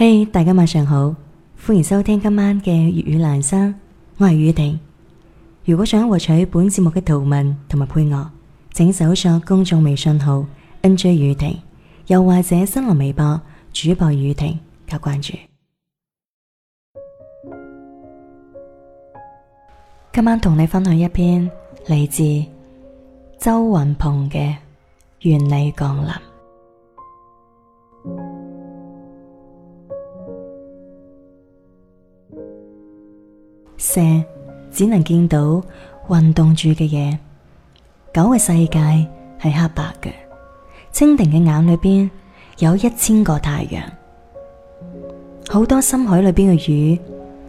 嘿，hey, 大家晚上好，歡迎收聽今晚嘅粵語蘭生，我係宇婷。如果想獲取本節目嘅圖文同埋配樂，請搜索公眾微信號 NJ 宇婷，又或者新浪微博主播宇婷，加關注。今晚同你分享一篇嚟自周雲蓬嘅《願你降臨》。蛇只能見到運動住嘅嘢，狗嘅世界係黑白嘅，蜻蜓嘅眼裏邊有一千個太陽，好多深海裏邊嘅魚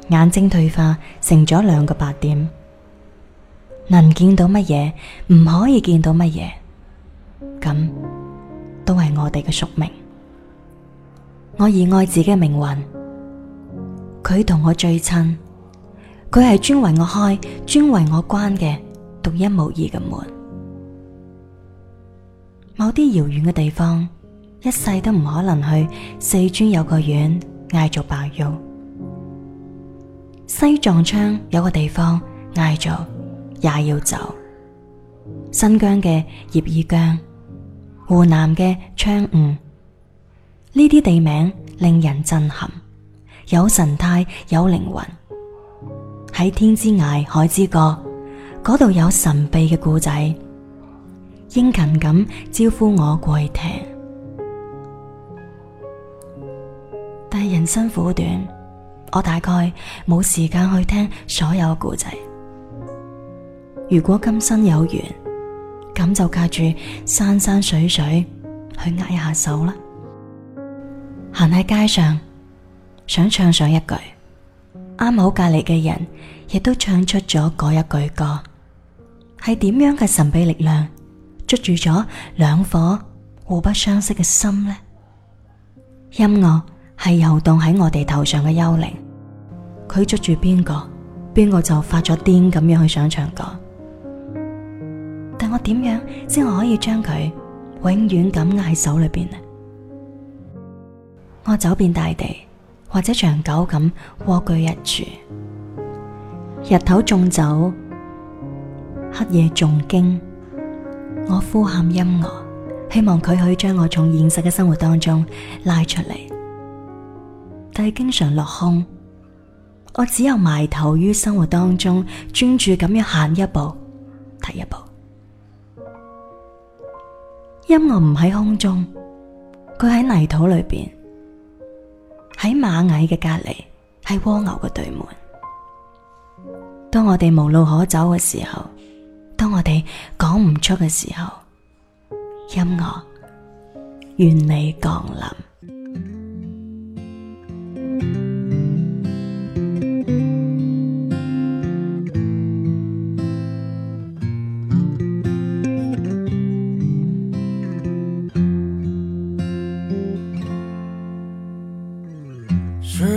眼睛退化成咗兩個白點，能見到乜嘢，唔可以見到乜嘢，咁都係我哋嘅宿命。我熱愛自己嘅命運，佢同我最親。佢係專為我開、專為我關嘅獨一無二嘅門。某啲遙遠嘅地方，一世都唔可能去。四川有個縣嗌做白玉，西藏昌都有個地方嗌做也要走，新疆嘅葉爾羌，湖南嘅蒼梧，呢啲地名令人震撼，有神態，有靈魂。喺天之涯海之角，嗰度有神秘嘅故仔，殷勤咁招呼我過去聽。但係人生苦短，我大概冇時間去聽所有故仔。如果今生有緣，咁就隔住山山水水去握一下手啦。行喺街上，想唱上一句。啱好隔籬嘅人亦都唱出咗嗰一句歌，係點樣嘅神秘力量捉住咗兩顆互不相識嘅心呢？音樂係遊蕩喺我哋頭上嘅幽靈，佢捉住邊個，邊個就發咗癲咁樣去想唱歌。但我點樣先可以將佢永遠咁握喺手裏邊呢？我走遍大地。或者長久咁蝸居一處，日頭縱酒，黑夜誦經，我呼喊音樂，希望佢可以將我從現實嘅生活當中拉出嚟，但係經常落空。我只有埋頭於生活當中，專注咁樣行一步，睇一步。音樂唔喺空中，佢喺泥土裏邊。喺螞蟻嘅隔籬，喺蝸牛嘅對門。當我哋無路可走嘅時候，當我哋講唔出嘅時候，音樂願你降臨。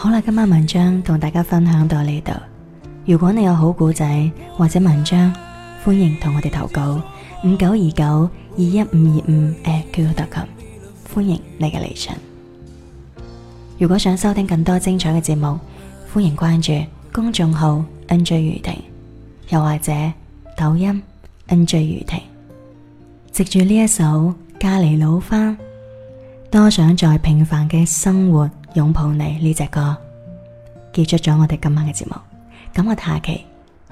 好啦，今晚文章同大家分享到呢度。如果你有好故仔或者文章，歡迎同我哋投稿五九二九二一五二五 at QQ 特琴。歡迎你嘅嚟信。如果想收聽更多精彩嘅節目，歡迎關注公眾號 N J 宇婷，又或者抖音 N J 宇婷。藉住呢一首《咖喱老花》，多想在平凡嘅生活。擁抱你呢隻歌，結束咗我哋今晚嘅節目，咁我下期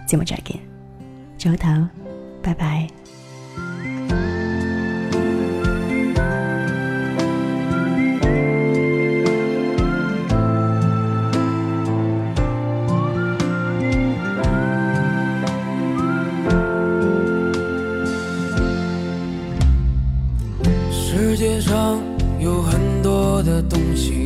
節目再見，早唞，拜拜。世界上有很多的東西。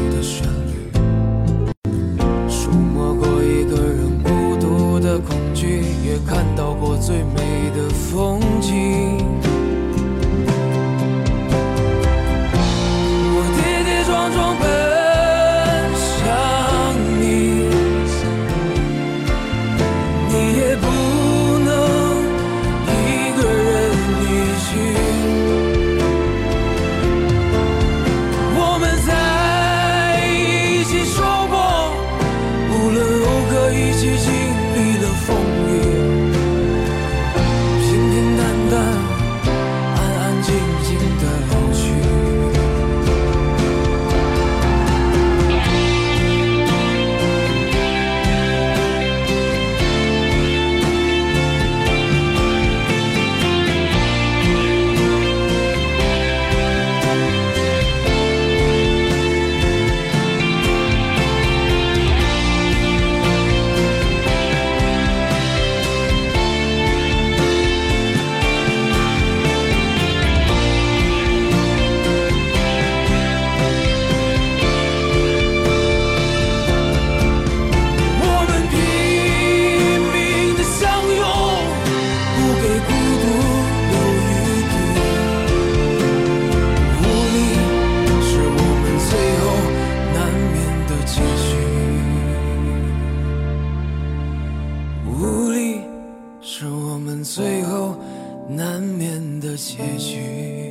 無力是我們最後難免的結局。